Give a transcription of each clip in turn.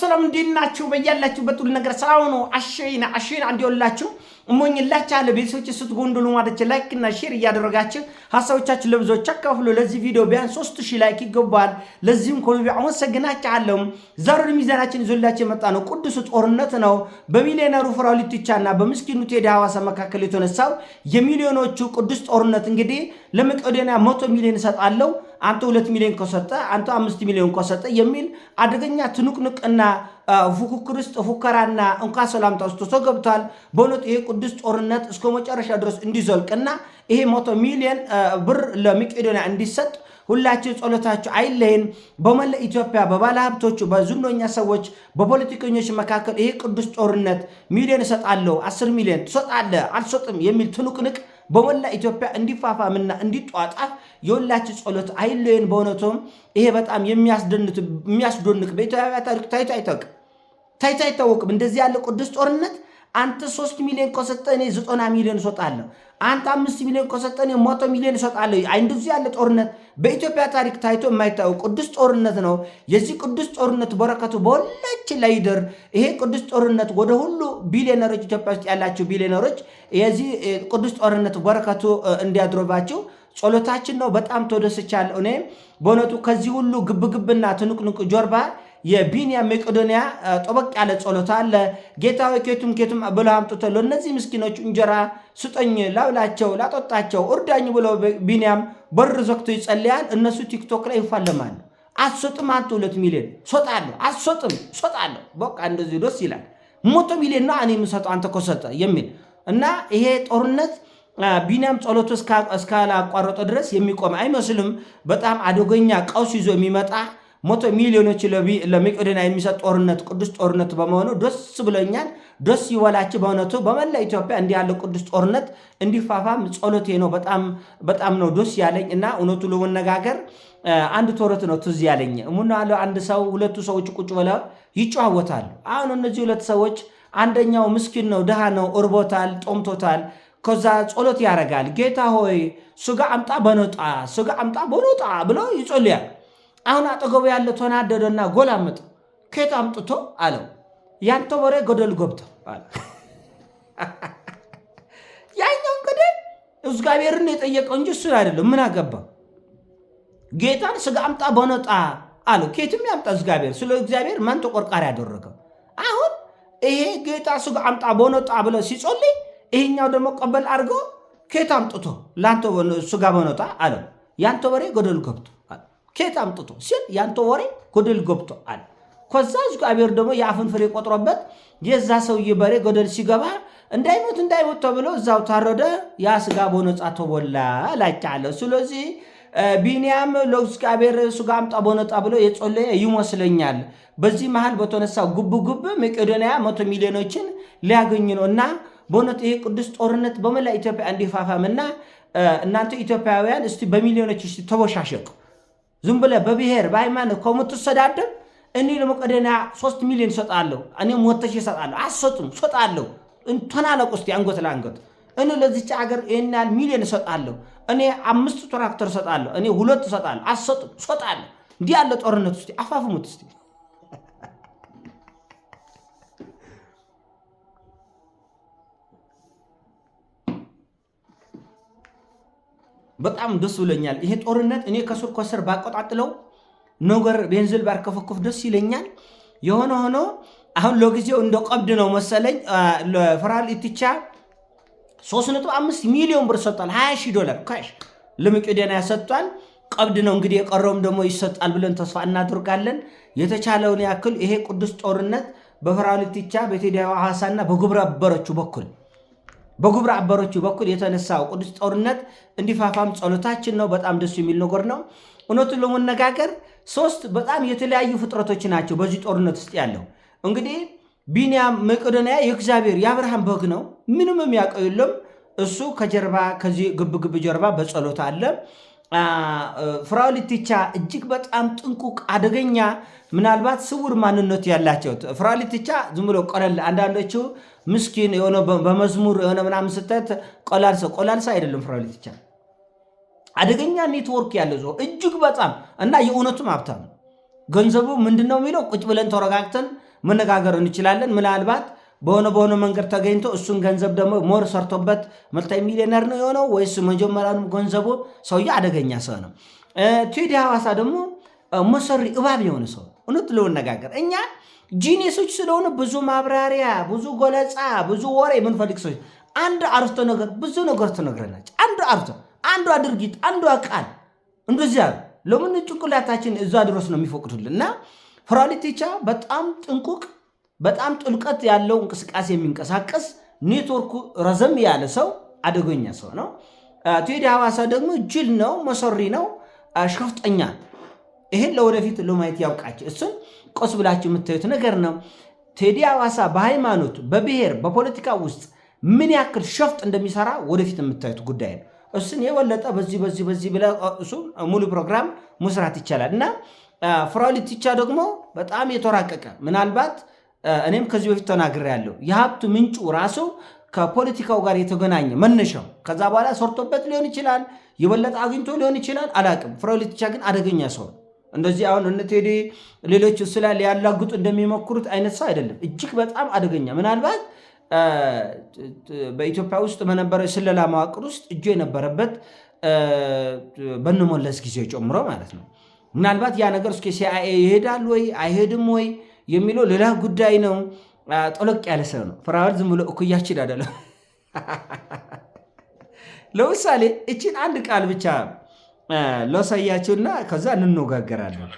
ሰላም እንዴት ናችሁ? በያላችሁበት ሁሉ ነገር ሰላም ነው። አሸይና አሸይና እንዲወላችሁ እሞኝላችኋለሁ። ቤተሰቦች ስት ጎንዶሉ ማለች ላይክ እና ሼር እያደረጋችሁ ሀሳቦቻችሁ ለብዙዎች አካፍሉ። ለዚህ ቪዲዮ ቢያንስ 3000 ላይክ ይገባል። ለዚህም ኮሚ አመሰግናችኋለሁ። ዛሬ ሚዛናችን ይዞላችሁ የመጣ ነው ቅዱስ ጦርነት ነው። በሚሊዮነሩ ፍራው ፍራኦል ኢቴቻና በምስኪኑ ቴዲ ሀዋሳ መካከል የተነሳው የሚሊዮኖቹ ቅዱስ ጦርነት እንግዲህ ለመቄዶንያ መቶ ሚሊዮን እሰጣለሁ አንተ ሁለት ሚሊዮን ከሰጠ አንተ አምስት ሚሊዮን ከሰጠ የሚል አደገኛ ትንቅንቅና ፉክክር ውስጥ ፉከራና እንኳ ሰላምታ ውስጥ ሰው ገብቷል። በእውነት ይሄ ቅዱስ ጦርነት እስከ መጨረሻ ድረስ እንዲዘልቅና ይሄ መቶ ሚሊዮን ብር ለመቄዶንያ እንዲሰጥ ሁላችን ጸሎታቸው አይለይን። በመለ ኢትዮጵያ በባለ ሀብቶቹ፣ በዝኖኛ ሰዎች፣ በፖለቲከኞች መካከል ይሄ ቅዱስ ጦርነት ሚሊዮን እሰጣለሁ፣ አስር ሚሊዮን ትሰጣለህ፣ አልሰጥም የሚል ትንቅንቅ በሞላ ኢትዮጵያ እንዲፋፋምና እንዲጧጣፍ የሁላችን ጸሎት አይለየን። በእውነቱም ይሄ በጣም የሚያስደንቅ በኢትዮጵያ ታሪክ ታይቶ አይታወቅም። እንደዚህ ያለ ቅዱስ ጦርነት አንተ ሶስት ሚሊዮን ከሰጠህ እኔ ዘጠና ሚሊዮን እሰጣለሁ። አንተ አምስት ሚሊዮን ከሰጠህ እኔ መቶ ሚሊዮን እሰጣለሁ። እንደዚህ ያለ ጦርነት በኢትዮጵያ ታሪክ ታይቶ የማይታወቅ ቅዱስ ጦርነት ነው። የዚህ ቅዱስ ጦርነት በረከቱ በሁላችን ላይ ይደር። ይሄ ቅዱስ ጦርነት ወደ ሁሉ ቢሊዮነሮች፣ ኢትዮጵያ ውስጥ ያላችሁ ቢሊዮነሮች የዚህ ቅዱስ ጦርነት በረከቱ እንዲያድሮባችሁ ጸሎታችን ነው። በጣም ተደስቻለሁ። እኔ በእውነቱ ከዚህ ሁሉ ግብግብና ትንቅንቅ ጀርባ የቢንያም መቄዶንያ ጠበቅ ያለ ጸሎት አለ። ጌታ ሆይ ኬቱም ኬቱም ብሎ አምጥቶ ለእነዚህ ምስኪኖች እንጀራ ስጠኝ፣ ላብላቸው፣ ላጠጣቸው፣ እርዳኝ ብሎ ቢንያም በር ዘግቶ ይጸልያል። እነሱ ቲክቶክ ላይ ይፋለማሉ። አትሰጥም አንተ ሁለት ሚሊዮን ሶጣለሁ፣ አትሰጥም ሶጣለሁ። በቃ እንደዚህ ደስ ይላል። ሞቶ ሚሊዮን ነው እኔ የምሰጠው አንተ ከሰጠ የሚል እና ይሄ ጦርነት ቢንያም ጸሎቱ እስካላቋረጠ ድረስ የሚቆም አይመስልም። በጣም አደገኛ ቀውስ ይዞ የሚመጣ መቶ ሚሊዮኖች ለመቄዶንያ የሚሰጥ ጦርነት ቅዱስ ጦርነት በመሆኑ ደስ ብሎኛል። ደስ ይበላችሁ። በእውነቱ በመላ ኢትዮጵያ እንዲህ ያለው ቅዱስ ጦርነት እንዲፋፋም ጸሎቴ ነው። በጣም ነው ደስ ያለኝ እና እውነቱ ለመነጋገር አንድ ቶረት ነው ትዝ ያለኝ ሙና አንድ ሰው ሁለቱ ሰዎች ቁጭ ብለው ይጨዋወታሉ። አሁን እነዚህ ሁለት ሰዎች አንደኛው ምስኪን ነው፣ ድሃ ነው፣ እርቦታል፣ ጦምቶታል። ከዛ ጸሎት ያደርጋል። ጌታ ሆይ ስጋ አምጣ በኖጣ ስጋ አምጣ በነጣ ብሎ ይጸልያል። አሁን አጠገቡ ያለ ተናደደና ጎል አመጡ። ከየት አምጥቶ አለው። ያንተ ወሬ ገደል ገብቶ አለ። ያኛው ገደል እግዚአብሔርን የጠየቀው እንጂ እሱን አይደለም። ምን አገባ ጌታን ስጋ አምጣ በነጣ አለ ከየትም ያምጣ እግዚአብሔር። ስለ እግዚአብሔር ማን ተቆርቋሪ ያደረገው? አሁን ይሄ ጌታ ስጋ አምጣ በነጣ ብለ ሲጾልይ፣ ይሄኛው ደግሞ ቀበል አድርገው ከየት አምጥቶ ለአንተ ስጋ በነጣ አለው። ያንተ ወሬ ገደል ገብቶ አለ። ከየት አምጥቶ ሲል ያንተ ወሬ ጎደል ገብቶ አለ። ከዛ እግዚአብሔር ደግሞ የአፍን ፍሬ ቆጥሮበት የዛ ሰውዬ በሬ ጎደል ሲገባ እንዳይሞት እንዳይሞት ተብሎ እዛው ታረደ። ያ ስጋ በነፃ ተቦላ ላቻለ። ስለዚህ ቢንያም ለእግዚአብሔር ስጋ አምጣ በነፃ ብሎ የጸለየ ይመስለኛል። በዚህ መሃል በተነሳ ጉብጉብ መቄዶንያ መቶ ሚሊዮኖችን ሊያገኝ ነው እና በእውነት ይሄ ቅዱስ ጦርነት በመላ ኢትዮጵያ እንዲፋፋም እንዲፋፋምና እናንተ ኢትዮጵያውያን እስቲ በሚሊዮኖች እስቲ ዝም ብለህ በብሔር በሃይማኖት ከምትሰዳደብ እኔ ለመቄዶንያ ሶስት ሚሊዮን እሰጣለሁ፣ እኔ ሞተሽ እሰጣለሁ። አትሰጡም? እሰጣለሁ። እንተናነቅ ውስጥ አንገት ለአንገት እኔ ለዚች ሀገር ይህን ያህል ሚሊዮን እሰጣለሁ፣ እኔ አምስት ትራክተር እሰጣለሁ፣ እኔ ሁለት እሰጣለሁ። አትሰጡም? እሰጣለሁ። እንዲህ ያለ ጦርነት ውስጥ አፋፍሙት በጣም ደስ ብሎኛል። ይሄ ጦርነት እኔ ከስር ከስር ባቆጣጥለው ነገር ቤንዝል ባርከፈከፍ ደስ ይለኛል። የሆነ ሆኖ አሁን ለጊዜው እንደ ቀብድ ነው መሰለኝ ለፈራል ኢትቻ 35 ሚሊዮን ብር ሰጥቷል። 20 ሺህ ዶላር ካሽ ለመቄዶንያ ሰጥቷል። ቀብድ ነው እንግዲህ የቀረውም ደግሞ ይሰጣል ብለን ተስፋ እናደርጋለን። የተቻለውን ያክል ይሄ ቅዱስ ጦርነት በፈራል ኢትቻ በቴዲ ሃዋሳና በግብረ አበሮቹ በኩል በግብረ አበሮቹ በኩል የተነሳው ቅዱስ ጦርነት እንዲፋፋም ጸሎታችን ነው። በጣም ደስ የሚል ነገር ነው። እውነቱን ለመነጋገር ሶስት በጣም የተለያዩ ፍጥረቶች ናቸው በዚህ ጦርነት ውስጥ ያለው እንግዲህ ቢንያም መቄዶንያ የእግዚአብሔር የአብርሃም በግ ነው። ምንም የሚያውቀው የለም። እሱ ከጀርባ ከዚህ ግብግብ ጀርባ በጸሎት አለ። ፍራው ልትቻ እጅግ በጣም ጥንቁቅ አደገኛ ምናልባት ስውር ማንነት ያላቸው ፍራው ልትቻ ዝም ብሎ ቆለል አንዳንዶቹ ምስኪን የሆነ በመዝሙር የሆነ ምናምን ስተት ቆላልሰ ቆላልሰ አይደለም ፍራው ልትቻ አደገኛ ኔትወርክ ያለው ሰው እጅግ በጣም እና የእውነቱም ሀብታም ገንዘቡ ምንድን ነው የሚለው ቁጭ ብለን ተረጋግተን መነጋገር እንችላለን ምናልባት በሆነ በሆነ መንገድ ተገኝቶ እሱን ገንዘብ ደግሞ ሞር ሰርቶበት መልታ ሚሊዮነር ነው የሆነው ወይስ መጀመሪያውኑ ገንዘቡ ሰውዬ አደገኛ ሰው ነው? ቴዲ ሐዋሳ ደግሞ መሰሪ እባብ የሆነ ሰው እውነት ለመነጋገር እኛ ጂኒሶች ስለሆነ ብዙ ማብራሪያ፣ ብዙ ገለጻ፣ ብዙ ወሬ የምንፈልግ ሰዎች አንድ አርስቶ ነገር ብዙ ነገር ትነግረናች። አንዱ አርስቶ፣ አንዷ ድርጊት፣ አንዷ ቃል እንደዚያ ለምን ጭንቅላታችን እዛ ድረስ ነው የሚፈቅዱልን እና ፍራኦል በጣም ጥንቁቅ በጣም ጥልቀት ያለው እንቅስቃሴ የሚንቀሳቀስ ኔትወርኩ ረዘም ያለ ሰው አደገኛ ሰው ነው። ቴዲ ሀዋሳ ደግሞ ጅል ነው፣ መሰሪ ነው፣ ሸፍጠኛ። ይህን ለወደፊት ለማየት ያውቃቸው። እሱን ቆስ ብላችሁ የምታዩት ነገር ነው። ቴዲ ሀዋሳ በሃይማኖት በብሔር በፖለቲካ ውስጥ ምን ያክል ሸፍጥ እንደሚሰራ ወደፊት የምታዩት ጉዳይ ነው። እሱን የበለጠ በዚህ በዚህ በዚህ ብለ እሱ ሙሉ ፕሮግራም መስራት ይቻላል እና ፍራውሊት ይቻ ደግሞ በጣም የተራቀቀ ምናልባት እኔም ከዚህ በፊት ተናግር ያለው የሀብቱ ምንጩ ራሱ ከፖለቲካው ጋር የተገናኘ መነሻው ከዛ በኋላ ሰርቶበት ሊሆን ይችላል፣ የበለጠ አግኝቶ ሊሆን ይችላል፣ አላቅም። ፖለቲካ ግን አደገኛ ሰው እንደዚህ አሁን እነ ቴዲ ሌሎች እሱ ላይ ሊያላግጡ እንደሚሞክሩት አይነት ሰው አይደለም። እጅግ በጣም አደገኛ ምናልባት በኢትዮጵያ ውስጥ በነበረ ስለላ መዋቅር ውስጥ እጁ የነበረበት በእነ ጊዜ ጨምሮ ማለት ነው። ምናልባት ያ ነገር እስከ ሲአይኤ ይሄዳል ወይ አይሄድም ወይ የሚለው ሌላ ጉዳይ ነው። ጠለቅ ያለ ሰው ነው ፍራኦል። ዝም ብሎ እኩያችን አይደለም። ለምሳሌ እችን አንድ ቃል ብቻ ለሳያችሁና ከዛ እንነጋገራለን።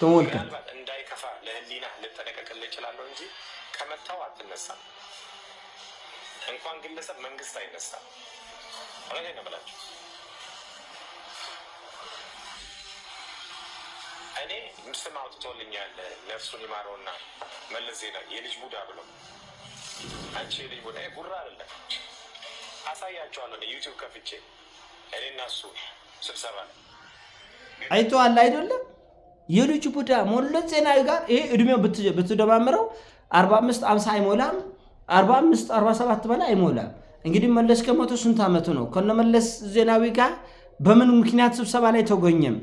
ትሞልከ እንዳይከፋ ለህሊና ልጠነቀቅልህ እችላለሁ እንጂ ከመታው አትነሳም። እንኳን ግለሰብ መንግስት አይነሳም። እውነቴን ነው የምላቸው። እኔ ምስም አውጥቶልኛል። ነፍሱን ይማረውና መለስ ዜናዊ የልጅ ቡዳ ብሎ አንቺ የልጅ ቡዳ የጉራ አይደለም አሳያቸዋለሁ። ዩቲዩብ ከፍቼ እኔ እና እሱ ስብሰባ ነው አይተዋል አይደለም የልጅ ቡዳ መለስ ዜናዊ ጋር ይሄ እድሜው ብትደማምረው አርባ አምስት አምሳ አይሞላም። አርባ አምስት አርባ ሰባት በላይ አይሞላም። እንግዲህ መለስ ከሞቱ ስንት ዓመቱ ነው? ከነ መለስ ዜናዊ ጋር በምን ምክንያት ስብሰባ ላይ ተጎኘም?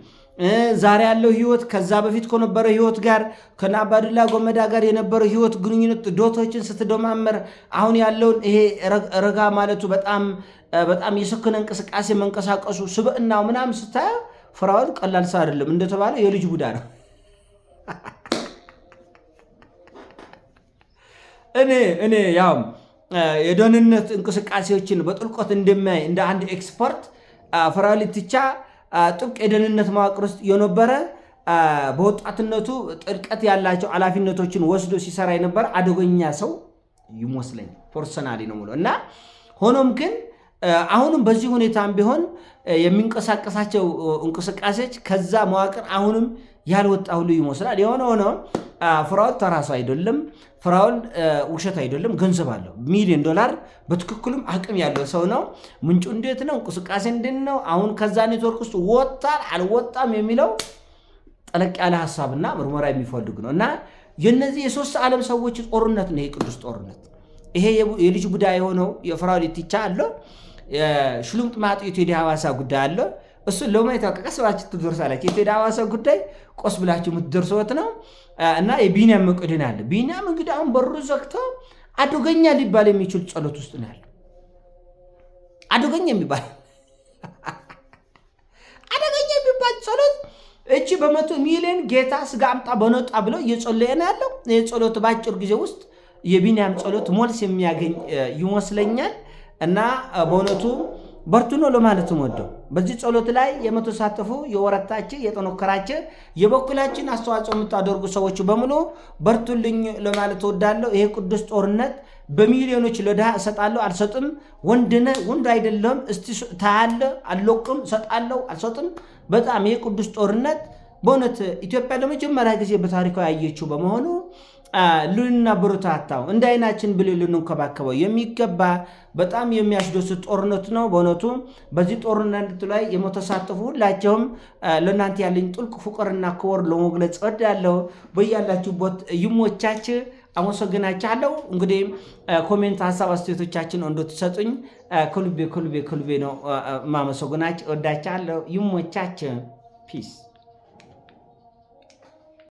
ዛሬ ያለው ህይወት ከዛ በፊት ከነበረው ህይወት ጋር ከነ አባዱላ ጎመዳ ጋር የነበረው ህይወት ግንኙነት ዶቶችን ስትደማመር አሁን ያለውን ይሄ ረጋ ማለቱ በጣም በጣም የሰከነ እንቅስቃሴ መንቀሳቀሱ ስብዕናው ምናምን ስታየው ፍራኦል ቀላል ሰው አይደለም። እንደተባለው የልጅ ቡዳ ነው። እኔ እኔ ያው የደህንነት እንቅስቃሴዎችን በጥልቆት እንደማይ እንደ አንድ ኤክስፐርት ፈራሊትቻ ጥብቅ የደህንነት መዋቅር ውስጥ የነበረ በወጣትነቱ ጥልቀት ያላቸው ኃላፊነቶችን ወስዶ ሲሰራ የነበረ አደገኛ ሰው ይመስለኝ ፐርሰናሊ ነው የምለው እና ሆኖም ግን አሁንም በዚህ ሁኔታም ቢሆን የሚንቀሳቀሳቸው እንቅስቃሴዎች ከዛ መዋቅር አሁንም ያልወጣ ሁሉ ይመስላል። የሆነ ሆኖ ፍራውን ተራሱ አይደለም፣ ፍራውን ውሸት አይደለም፣ ገንዘብ አለው። ሚሊዮን ዶላር በትክክሉም አቅም ያለው ሰው ነው። ምንጩ እንዴት ነው? እንቅስቃሴ እንዴት ነው? አሁን ከዛ ኔትወርክ ውስጥ ወጣል አልወጣም የሚለው ጠለቅ ያለ ሀሳብና ምርመራ የሚፈልግ ነው እና የነዚህ የሶስት ዓለም ሰዎች ጦርነት ነው የቅዱስ ጦርነት። ይሄ የልጅ ቡዳ የሆነው የፍራውን የቲቻ አለው ሽሉም ጥማጥ የቴዲ ሀዋሳ ጉዳይ አለው። እሱን ለማየት ቀስ ብላችሁ ትደርሳላችሁ። የቴዲ ሀዋሳ ጉዳይ ቆስ ብላችሁ የምትደርሱበት ነው እና የቢኒያም እቅድን አለ። ቢኒያም እንግዲህ አሁን በሩ ዘግቶ አደገኛ ሊባል የሚችል ጸሎት ውስጥ ነው ያለ። አደገኛ የሚባል አደገኛ የሚባል ጸሎት እቺ በመቶ ሚሊዮን ጌታ ስጋ አምጣ በነጣ ብለው እየጸለየ ነው ያለው። የጸሎት በአጭር ጊዜ ውስጥ የቢኒያም ጸሎት ሞልስ የሚያገኝ ይመስለኛል እና በእውነቱ በርቱ ነው ለማለትም ወደው በዚህ ጸሎት ላይ የመተሳተፉ የወረታች የጠኖከራች የበኩላችን አስተዋጽኦ የምታደርጉ ሰዎች በሙሉ በርቱልኝ ለማለት ወዳለው። ይሄ ቅዱስ ጦርነት በሚሊዮኖች ለድሃ እሰጣለሁ አልሰጥም፣ ወንድነ ወንድ አይደለም እስቲ ታያለ አልለቅም፣ እሰጣለሁ አልሰጥም። በጣም ይሄ ቅዱስ ጦርነት በእውነት ኢትዮጵያ ለመጀመሪያ ጊዜ በታሪኳ ያየችው በመሆኑ ልናበረታታው እንደ አይናችን ብሌ ልንንከባከበው የሚገባ በጣም የሚያስደስት ጦርነት ነው። በእውነቱ በዚህ ጦርነት ላይ የመተሳተፉ ሁላቸውም ለእናንተ ያለኝ ጥልቅ ፍቅርና ክብር ለመግለጽ እወዳለሁ። በያላችሁበት ይሞቻች። አመሰግናችኋለሁ። እንግዲህ ኮሜንት፣ ሀሳብ አስተያየቶቻችን እንድትሰጡኝ ክልቤ ክልቤ ክልቤ ነው ማመሰግናች። እወዳችኋለሁ። ይሞቻች። ፒስ